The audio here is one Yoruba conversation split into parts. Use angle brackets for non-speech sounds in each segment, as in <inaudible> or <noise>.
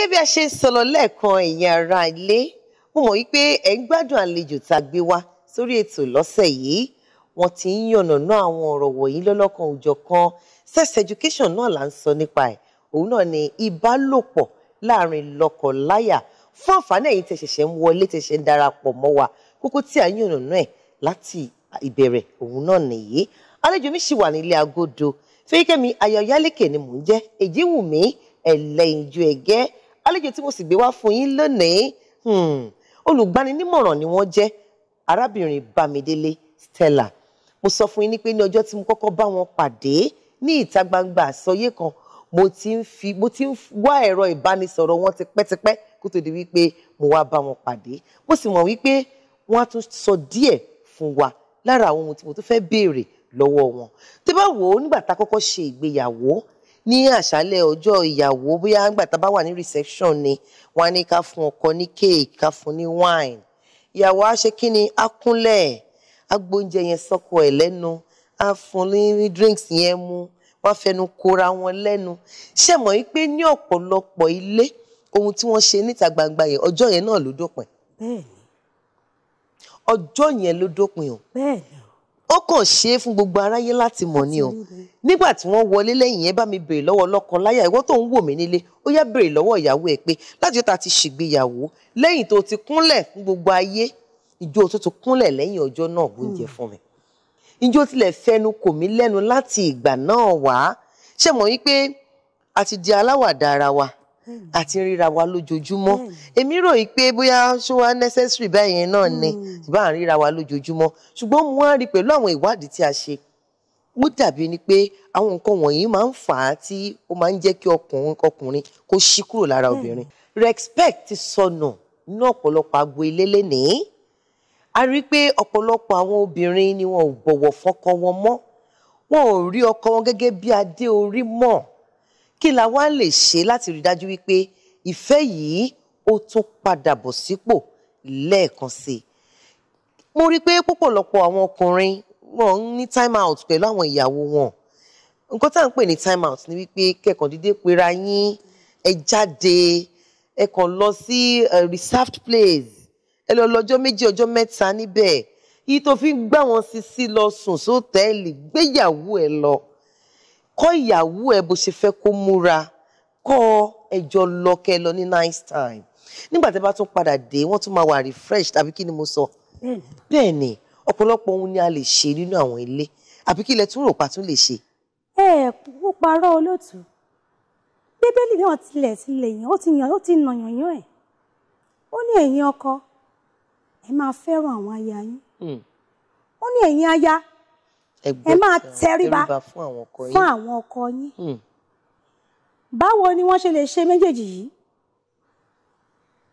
gẹ́gẹ́ bí a ṣe sọ̀rọ̀ lẹ́ẹ̀kan ẹ̀yin ará ilé mo mọ̀ wípé ẹ̀ ń gbádùn àlejò tá a gbé wá sórí ètò lọ́sẹ̀ yìí wọ́n ti ń yànnàná àwọn ọ̀rọ̀ wọ̀nyí lọ́lọ́kan òjọ̀ kan sex education náà là ń sọ nípa ẹ̀ òun náà ni ìbálòpọ̀ láàrin lọ́kọláya fún àǹfààní ẹ̀yin tẹ́ ṣẹ̀ṣẹ̀ ń wọlé tẹ́ ṣẹ̀ṣẹ̀ ń darapọ̀ mọ́ wa kókó tí à ń yànnàná ẹ̀ láti ìbẹ̀rẹ̀ òun náà nìyí àlejò mi ṣì wà nílé agodo Fẹ́yìkẹ́mi Ayọ̀yálékè ni mò ń jẹ́ Èjìwùmí Ẹlẹ́yinjú Ẹ̀gẹ́ àlejò tí mo sì gbé wá fún yín lónìí hmm, olùgbaninímọ̀ràn ni wọ́n jẹ́ arábìnrin Bámidélé Stella mo sọ fún yín ní pé ní ọjọ́ tí mo kọ́kọ́ bá wọn pàdé ní ìta gbangba àsọyé kan mo ti ń fi mo ti ń wá ẹ̀rọ ìbánisọ̀rọ̀ wọn tipẹ́tipẹ́ kó tó di wípé mo wá bá wọn pàdé mo sì mọ̀ wípé wọ́n á tún sọ díẹ̀ fún wa lára àwọn ohun tí mo tún fẹ́ béèrè lọ́wọ́ wọn tí bá wò ó nígbà tá a kọ́kọ́ ṣe ìgbéyàwó ní àṣálẹ́ ọjọ́ ìyàwó bóyá nígbà tá a bá wà ní reception ni wọ́n á ní ká fún ọkọ ní cake ká fún ní wine ìyàwó á ṣe kí ni á kúnlẹ̀ á gbóúnjẹ yẹn sọ́kọ ẹ̀ lẹ́nu á fún ní drinks yẹn mu wọ́n á fẹnu kora wọn lẹ́nu ṣe mọ̀ yí pé ní ọ̀pọ̀lọpọ̀ ilé ohun tí wọ́n ṣe níta gbangba yẹn ọjọ́ yẹn náà ló dópin ọjọ́ yẹn ló dópin o. bẹ́ẹ̀ni ó kàn ṣe é fún gbogbo aráyé láti mọ̀ ni o nígbà tí wọ́n wọlé lẹ́yìn yẹn bá mi béèrè lọ́wọ́ ọlọ́kọ láyà ìwọ tó ń wò mí nílé ó yá béèrè lọ́wọ́ ìyàwó ẹ̀ pé láti ọ̀tá ti ṣègbéyàwó lẹ́yìn tó ti kúnlẹ̀ fún gbogbo ayé ìjó tó ti kúnlẹ̀ lẹ́yìn ọjọ́ náà oúnjẹ hmm. fún mi ìjó tilẹ̀ fẹnu kò mí lẹ́nu láti ìgbà náà wá ṣé mọ̀ wípé a di aláwàdà ara wa àti ríra wa lójoojúmọ́ hmm. èmi rò yìí pé bóyá ṣó wá necessary báyẹn náà ni ìbá hmm. à ń ríra wa lójoojúmọ́ ṣùgbọ́n mo wá rí pẹ̀lú àwọn ìwádìí tí a ṣe ó dàbí ni pé àwọn nǹkan wọ̀nyí máa ń fà á tí ó máa ń jẹ́ kí ọkùnrin ọkùnrin kó ṣí kúrò lára hmm. obìnrin respect ti sọnù ní ọ̀pọ̀lọpọ̀ agbo ilé lénìí a rí pé ọ̀pọ̀lọpọ̀ àwọn obìnrin ni wọn ò bọ̀wọ̀ fọ́kọ wọn mọ́ wọn ò rí ọkọ wọn gẹ́gẹ́ bí adé orí mọ́ kí la wá lè ṣe láti rí dájú wípé ìfẹ́ yìí ó tún padà bọ̀ sípò lẹ́ẹ̀kan sí i. mo rí i pé púpọ̀lọpọ̀ àwọn ọkùnrin wọn ń ní time out pẹ̀lú àwọn ìyàwó wọn nǹkan tá à ń pè ní time out ni wípé kẹkàn dídé pera yín ẹ jáde ẹ kàn lọ sí eh, reserved place ẹ lọ lọ́jọ́ méjì ọjọ́ mẹ́ta níbẹ̀ yìí tó fi ń gbà wọ́n sí sí lọ sùn sóòtẹ́ẹ̀lì gbéyàwó ẹ lọ kọ́ ìyàwó ẹ bó ṣe fẹ́ kó múra kọ́ ẹjọ́ lọ́kẹ́ lọ ní nice time nígbà tí a bá tún padà dé wọ́n tún máa wà refreshed àbí kí ni mo sọ bẹ́ẹ̀ ni ọ̀pọ̀lọpọ̀ ohun ni a lè ṣe nínú àwọn ilé àbí kí ilẹ̀ tún rò pa tún lè ṣe. ẹ ẹ kó parọ́ olóòtú bíbélì náà tilẹ̀ tilẹ̀ yàn ó ti yàn ó ti nà yàn yàn ẹ̀ ó ní ẹ̀yin ọkọ ẹ máa fẹ́ràn àwọn aya yín hmm. ó ní ẹ̀yin aya ẹ máa tẹríba fún àwọn ọkọ yín hmm. báwo ni wọ́n ṣe lè ṣe méjèèjì yìí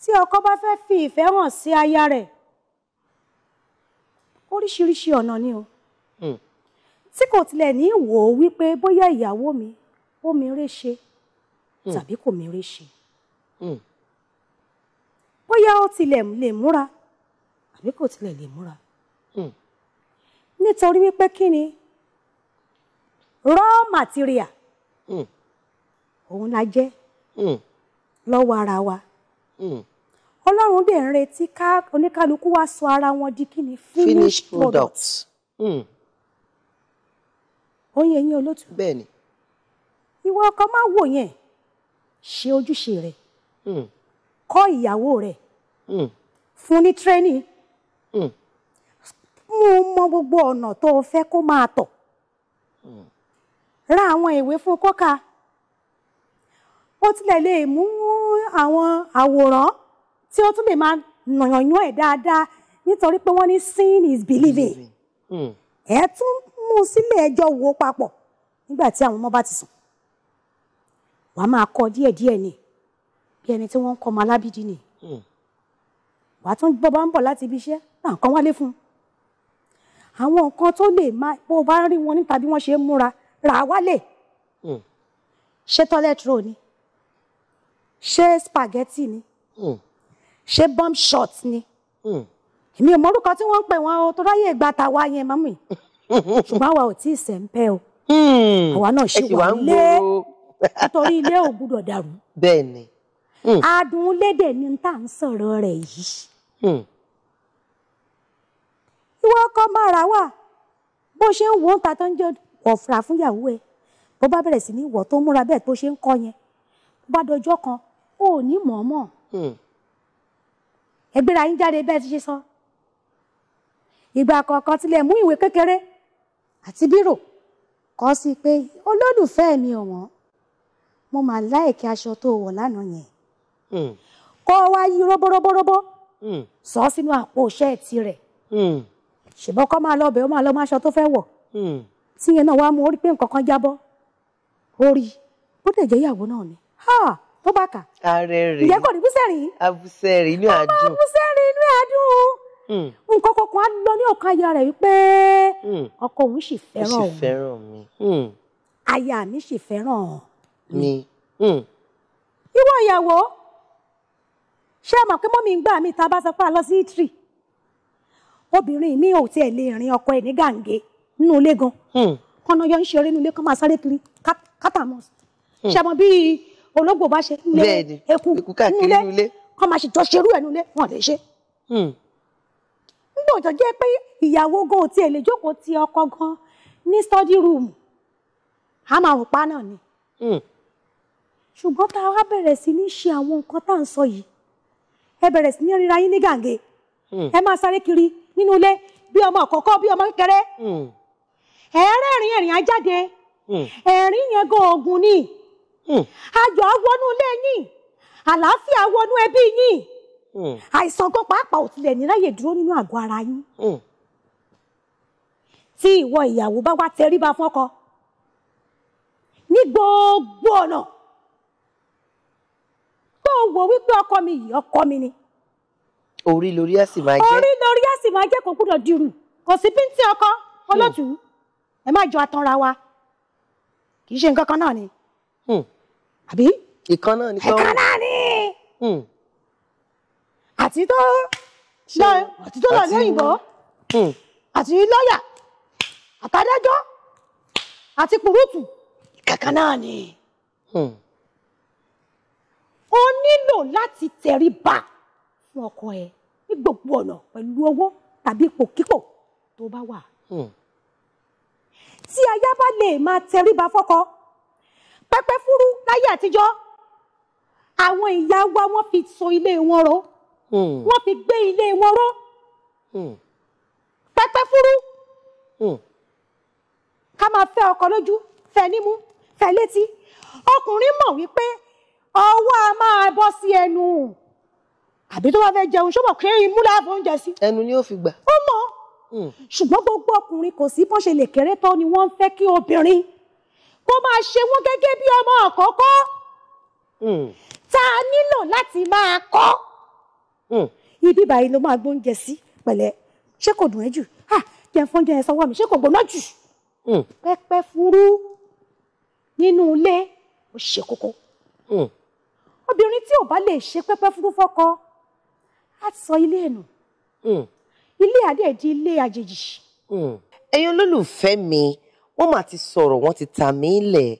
tí ọkọ bá fẹ́ fi ìfẹ́ hàn sí aya rẹ̀ oríṣiríṣi ọ̀nà ni o hmm. tí kò tilẹ̀ ní wò ó wípé bóyá ìyàwó mi ó mèrè ṣe hmm. tàbí kò mèrè ṣe bóyá ó tilẹ̀ lè múra àbí kò tilẹ̀ lè múra nítorí wípé kí ni raw material hmm. òun la jẹ́ hmm. lọ́wọ́ ara wa hmm. ọlọ́run dẹ̀ ń retí ká oníkálukú wá sọ ara wọn di kí ni finished product oyin eyín olótú bẹ́ẹ̀ni ìwọ ọkọ máa wò yẹn ṣe ojúṣe rẹ kọ́ ìyàwó rẹ fún ní training ó mọ gbogbo ọ̀nà tó o fẹ́ kó máa tọ̀ hmm. ra àwọn ìwé fún kọ́ka ó tilẹ̀ lè mú àwọn àwòrán tí ó tún lè máa nàyànyún ẹ̀ dáadáa nítorí pé wọ́n ní seeing is believing hmm. ẹ̀ tún mú un sílẹ̀ ẹjọ́ wò ó papọ̀ nígbà tí àwọn ọmọ bá ti sùn wàá máa kọ díẹ̀díẹ̀ ni bí ẹni tí wọ́n ń kọ́ ọmọ alábídí ni hmm. wàá tún gbọ́ bá ń bọ̀ láti ibi iṣẹ́ náà kàn wálé fún un àwọn nǹkan tó lè má bó o bá rí wọn níta bí wọ́n ṣe ń múra rà wálé hmm. ṣé toilet roll ni ṣé spaghetti ni hmm. ṣé bomb shot ni hmm. èmi ò mọ̀rúkọ tí wọ́n ń pè wọ́n o tó ráyè ìgbà ta wá yẹn mọ́mì <laughs> ṣùgbọ́n àwa ò tí ì sẹ́ńpẹ́ o àwa náà ṣì wà nílé nítorí ilé ò gbúdọ̀ dàrú. bẹ́ẹ̀ ni. adùn lédè ni tá à ń sọ̀rọ̀ rẹ̀ yìí wọ́n kọ́ máa ra wà bó ṣe ń wò ó ta tó ń jẹ́ ọ̀fra fún ìyàwó ẹ̀ bó bá bẹ̀rẹ̀ sí ní wọ̀ tó múra bẹ́ẹ̀ tó ṣe ń kọ́ yẹn bó bá dọjọ́ kan ó ní mọ̀ọ́mọ̀ hmm. ẹgbẹ́ra yín jáde bẹ́ẹ̀ ti ṣe sọ ìgbà kọ̀ọ̀kan tilẹ̀ mú ìwé kékeré àti bírò kọ sí pé olólùfẹ́ mi ọ̀wọ́n mo máa láìkí aṣọ tó wọ̀ lánàá yẹn hmm. kọ́ wa yí roborobobo hmm. sọ sínú àpò ṣẹ́ẹ̀tì rẹ̀ ṣùgbọ́n kọ́ máa lọ ọbẹ̀ ó máa lọ máṣọ tó fẹ́ wọ̀ hmm. tí yẹn náà wá mú orí pé nǹkan kan jábọ́ orí bó dẹ̀ jẹ́ ìyàwó náà ni tó bá kà ǹjẹ́ kò ní búsẹ̀rì abúsẹ̀rì inú àdùn abúsẹ̀rì inú àdùn hmm. nǹkan kọ̀ọ̀kan á lọ ní ọ̀kan aya rẹ̀ wípé hmm. ọkọ òun sì fẹ́ràn òun aya mi sì fẹ́ràn mi ìwọ ìyàwó ṣé ẹ mọ̀ pé mọ́mí ń gbà mí ta bá sọ pé a lọ sí italy obìnrin mi ò tiẹ̀ lè rìn ọkọ ẹ̀ ní gàǹgé nínú ilé gan hmm. kọ́nà yọ ń ṣeré nínú ilé kan máa sáré kiri kátàmọ́s ṣàmọ́ hmm. bí ológbò bá ṣe ń lé eku nínú ilé kọ́ máa ṣe jọ ṣerú ẹ̀ nínú ilé wọn lè ṣe. Hmm. nígbà tó jẹ́ pé ìyàwó gan ò tiẹ̀ lè jókòó ti ọkọ gan ní study room a máa rùn pa náà ni ṣùgbọ́n tá a wá bẹ̀rẹ̀ sí ní ṣe àwọn nǹkan tá à ń sọ yìí ẹ bẹ̀rẹ̀ sí ní ríra yín ní gàǹgé ẹ máa sáré kiri nínú ilé bí ọmọ àkọ́kọ́ bí ọmọ kékeré hmm. ẹ̀ẹ́rẹ́rìn ẹ̀rìn ajáde hmm. ẹ̀rín yẹn gan ogun ni hmm. ayọ̀ awọnú ilé yín àlàáfíà wọnú ẹbí yín àìsàn kan pàápàá ò tilẹ̀ ní ráyè dúró nínú àgọ́ ara yín tí ìwọ ìyàwó bá wá tẹríba fọ́kọ ní gbogbo ọ̀nà tó wò wípé ọkọ mi yìí ọkọ mi ni. orí lórí ẹ̀ máa jẹ́. orí máa jẹ́ kó gbúdọ̀ dirù kò sí píntì ọkọ hmm. olótù ẹ má jọ atanra wa kì í ṣe nǹkan kan náà ni hmm. àbí. ìkan náà ni ìkan náà ni àti hmm. tó àti tó lọ ní òyìnbó àti lọ́yà àtàdájọ́ àti pùrùtù kankan náà ni. o nílò láti tẹríba fún ọkọ ẹ ní gbogbo ọ̀nà pẹ̀lú owó tàbí ipòkípò tó bá wà. Hmm. tí aya bá lè máa tẹríba fọ́kọ pẹpẹ fúru láyé àtijọ́ àwọn ìyá wa wọ́n fi so ilé wọn ró hmm. wọ́n fi gbé ilé wọn ró hmm. pẹpẹ fúru ká máa fẹ́ ọkọ lójú fẹ́ nímú fẹ́ létí ọkùnrin mọ̀ wípé ọwọ́ a máa bọ́ sí ẹnu àbí tó bá fẹ́ jẹun ṣọ́bọ̀ pé imú la fọ oúnjẹ sí. ẹnu ni ó fi gbà. ó mọ hmm. ṣùgbọ́n gbogbo ọkùnrin kò sí bọ́n ṣe lè kéré tó ni wọ́n ń fẹ́ kí obìnrin kó máa ṣe wọ́n gẹ́gẹ́ bí ọmọ àkọ́kọ́ hmm. tá a nílò láti máa kọ́ hmm. ibi báyìí ló máa gbóúnjẹ sí pẹ̀lẹ́ ṣé kò dùn ẹ́ jù jẹ́ fóúnjẹ ẹ̀ sọ́wọ́ mi ṣé kò gbóná jù pẹ́pẹ́ furu nínú ilé ó ṣe kókó obìnrin tí ò bá lè ṣe pẹ́pẹ́ furu fọ́kọ á sọ ilé ẹ̀ nù hmm. ilé adé di ilé àjèjì. Hmm. ẹ̀yin olólùfẹ́ mi wọ́n mà ti sọ̀rọ̀ wọ́n ti ta mí lẹ̀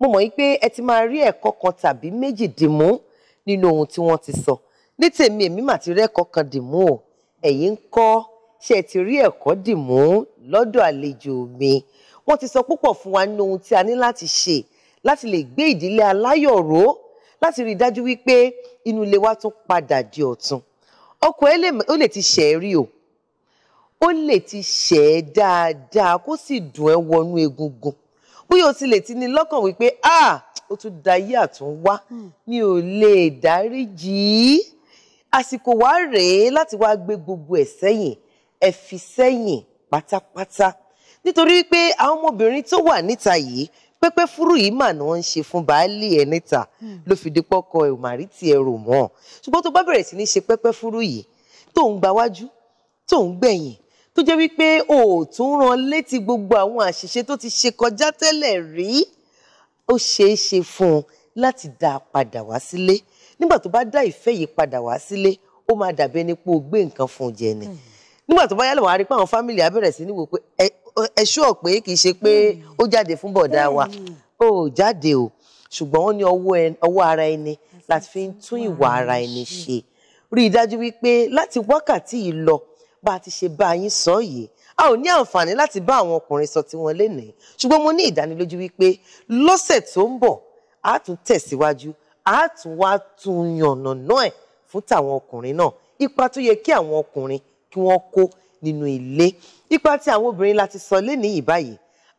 mo mọ̀ pé ẹ ti máa rí ẹ̀kọ́ kan tàbí méjì dìmú nínú ohun tí wọ́n ti sọ ní tèmi èmi mà ti rẹ́kọ̀ọ́ kan dìmú o ẹ̀yin ń kọ́ ṣe ti rí ẹ̀kọ́ dìmú lọ́dọ̀ àlejò mi wọ́n ti sọ púpọ̀ fún wa nínú ohun tí a ní láti ṣe láti lè gbé ìdílé aláyọ̀ ró láti rí i dájú wípé inú ilé wa tún padà di ọ̀tun ọkọ ẹ lè ti ṣẹ̀ ẹ́ rí o ó lè ti ṣẹ̀ ẹ́ dáadáa kó sì dùn ẹ́ wọnú egungun bóyá o ti lè ti ní lọ́kàn wípé ah ó tún dayé àtúnwá hmm. mi ò lè dáríjì í àsìkò wá rèé láti wá gbé gbogbo ẹ̀ sẹ́yìn ẹ fi sẹ́yìn pátápátá nítorí pé àwọn ọmọbìnrin tó wà níta yìí pẹ́pẹ́ fúrú yìí mà ni wọ́n ń ṣe fún baálé ẹ̀ níta hmm. ló fi di pọ́kọ ẹ̀ òmàrí tí ẹ rò mọ́ ṣùgbọ́n tó bá bẹ̀rẹ̀ sí ní ṣe pẹ́pẹ́ fúrú yìí tó ń gbawájú tó ń gbẹ̀yìn tó jẹ́ wípé o ò tún rán létí gbogbo àwọn àṣìṣe tó ti ṣe kọjá tẹ́lẹ̀ rí ó ṣeé ṣe fún un láti dá a padà wá sílé nígbà tó bá dá ìfẹ́ yìí padà wá sílé ó máa dàbí ẹni pé o gbé nǹkan fún un jẹ ni hmm. nígbà tó bá yálò wọn á rí pé àwọn fámìlì á sí ní wò pé ẹṣú ọ pé kì í ṣe pé hmm. ó jáde fún bọ̀dá wa hmm. ó jáde o ṣùgbọ́n ó ní ọwọ́ ara ẹni láti fi ń tún ìwà ara ẹni ṣe rí i dájú wípé láti wákàtí yìí lọ bá a ti ṣe bá yín sọ yìí a ò ní àǹfààní láti bá àwọn ọkùnrin sọ tiwọn lénìí ṣùgbọ́n mo ní ìdánilójú wípé lọ́sẹ̀ tó ń bọ̀ a tún tẹ̀síwájú a tún wá tún yànnàná ẹ̀ fún tàwọn ọkùnrin náà ipa tó yẹ kí àwọn ọkùnrin kí wọ́n kó nínú ilé ipa tí àwọn obìnrin láti sọ lénìí báyìí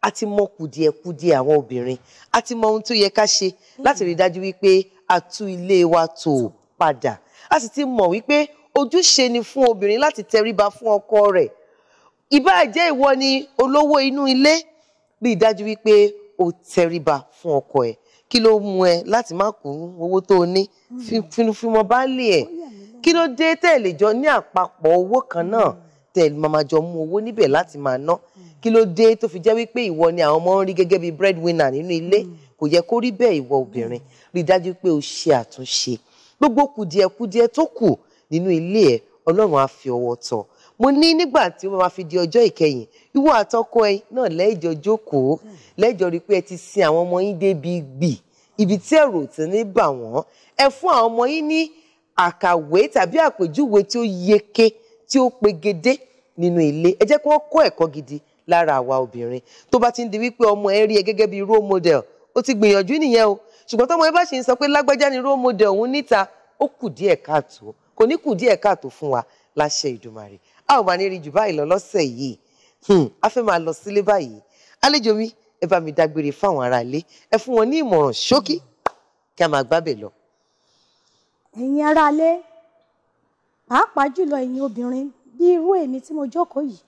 a ti mọ kùdìẹ̀kudiẹ àwọn obìnrin a ti mọ ohun tó yẹ ká ṣe láti rí dájú wípé a tú ilé wa tò padà a sì ti mọ̀ wípé ojúṣe ni fún obìnrin láti tẹríba fún ọkọ rẹ̀ ìbá jẹ́ ìwọ ni olówó inú ilé rí dájú wípé o tẹríba fún ọkọ ẹ̀ kí ló mú ẹ láti má kún owó tó o ní fífúnmọ́ bá lè ẹ̀ kí ló dé tẹ̀lé jọ ní àpapọ̀ owó kan náà. Mm -hmm tẹ mamajọ mú owó níbẹ̀ láti máa ná kí ló dé tó fi jẹ́ wípé ìwọ ni àwọn ọmọ ń rí gẹ́gẹ́ bí breadwinner nínú ilé mm. kò yẹ kó rí bẹ́ẹ̀ ìwọ obìnrin rí dájú pé o ṣe àtúnṣe gbogbo kùdìẹ̀kudiẹ tó kù nínú ilé ẹ̀ ọlọ́run á fi ọwọ́ tọ́ mo ní nígbà tí wọ́n máa fi di ọjọ́ ìkẹyìn ìwọ àtọkọ ẹ náà lẹ́jọ́ jókòó mm. lẹ́jọ́ rí pé ẹ ti sin àwọn ọmọ yín débi gbì ibi tí ẹ̀rù ti ní bà wọ́n ẹ fún àwọn ọmọ yín ní àkàwé tàbí àpèjúwe tí ó yeke tí ó pegedé nínú ilé ẹ jẹ́ kí wọ́n kọ́ ẹ̀kọ́ gidi lára àwa obìnrin tó bá ti ń di wípé ọmọ ẹ rí ẹ gẹ́gẹ́ bí role model ó ti gbìyànjú nìyẹn o ṣùgbọ́n tọ́mọ ẹ bá ṣe ń sọ pé lágbájá ni role model òun níta ó kù díẹ̀ káàtó kò ní kù díẹ̀ káàtó fún wa láṣẹ Ìdùmarè a ò bá ní rí jù báyìí lọ lọ́sẹ̀ yìí hmm, a fẹ́ máa lọ sílé báyìí àlejò mi ẹ bá mi dágbére fáwọn ará ilé ẹ fún wọn ní ìmọ̀ràn ṣókí kí a máa gbábẹ̀ lọ. ẹ̀yin ará ilé pàápàá jùlọ ẹ̀yin obìnrin bí irú èmi tí mo jókòó yìí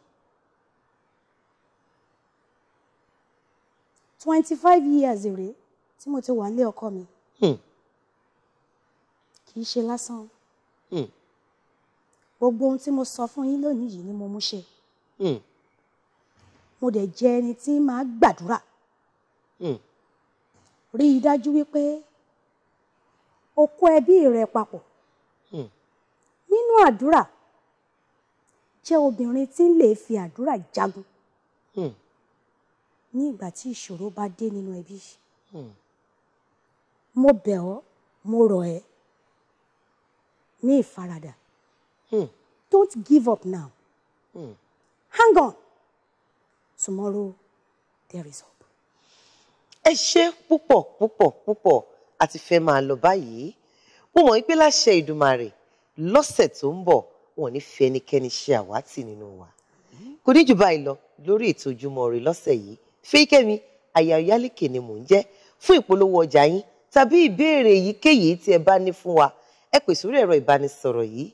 twenty five years rèé tí mo ti wà nílé ọkọ mi hmm. kì í ṣe lásán hmm. gbogbo ohun tí mo sọ fún yín lónìí yìí ni mo mú ṣe hmm. mo dẹ̀ jẹ́ ẹni tí máa gbàdúrà rí i dájú wípé o kó ẹbí rẹ papọ̀ nínú àdúrà jẹ́ obìnrin tí ń lè fi àdúrà jagun hmm. ní ìgbà tí ìṣòro bá dé nínú ẹbí hmm. mo bẹ̀ ọ́ mo rọ̀ ẹ́ ní ìfaradà hmm. don't give up now hang on tomorrow there is hope. ẹ ṣe púpọ̀ púpọ̀ púpọ̀ àti fẹ́ máa lọ báyìí mo mọ̀ pé láṣẹ Ìdùmarè lọ́sẹ̀ tó ń bọ̀ wọn ò ní fi ẹnikẹ́ni ṣe àwátì nínú wa. kò ní jù báyìí lọ lórí ètò Ojúmọ́ Ire lọ́sẹ̀ yìí Fẹ́yìkẹ́mi aya Oyaleke ni mò ń jẹ́ fún ìpolówó ọjà yín tàbí ìbéèrè èyíkéyìí tí ẹ bá ní fún wa ẹ pè sórí ẹ̀rọ ìbánisọ̀rọ̀ yìí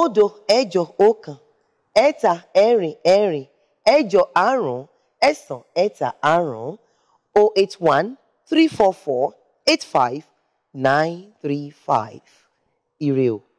òdo ẹ̀jọ ọ̀kan ẹ̀ta ẹ̀rin ẹ̀rin ẹ̀jọ àrún ẹ̀sán ẹ̀ta àrún o oh eight one three four four eight five nine three five. Ereal